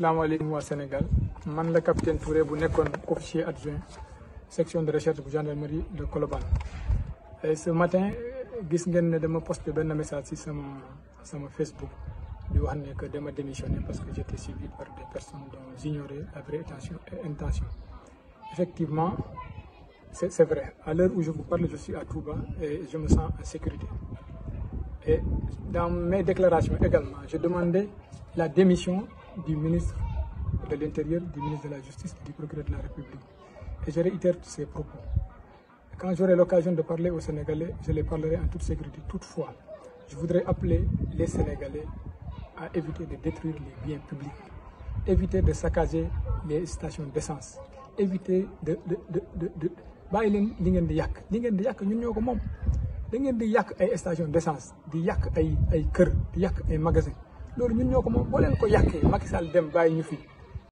alaikum wa Sénégal Je suis le capitaine Touré bu officier adjoint section de recherche la gendarmerie de Colobane ce matin gis ngeen ne dama posté benn message sur sur Facebook di wax que dama démissionner parce que j'étais suivi par des personnes dont j'ignorais la vraie intention intention effectivement c'est vrai à l'heure où je vous parle je suis à Touba et je me sens en sécurité et dans mes déclarations également je demandais la démission du ministre de l'Intérieur, du ministre de la Justice et du procureur de la République. Et je réitère tous ces propos. Quand j'aurai l'occasion de parler aux Sénégalais, je les parlerai en toute sécurité. Toutefois, je voudrais appeler les Sénégalais à éviter de détruire les biens publics, éviter de saccager les stations d'essence, éviter de... de, de, de, de des li di di ñun ay station d'essence di yak, ay ay kër di yak loolu ñun ñoo ko moom boo leen ko yàqee Macky Sall dem bàyyi ñu fi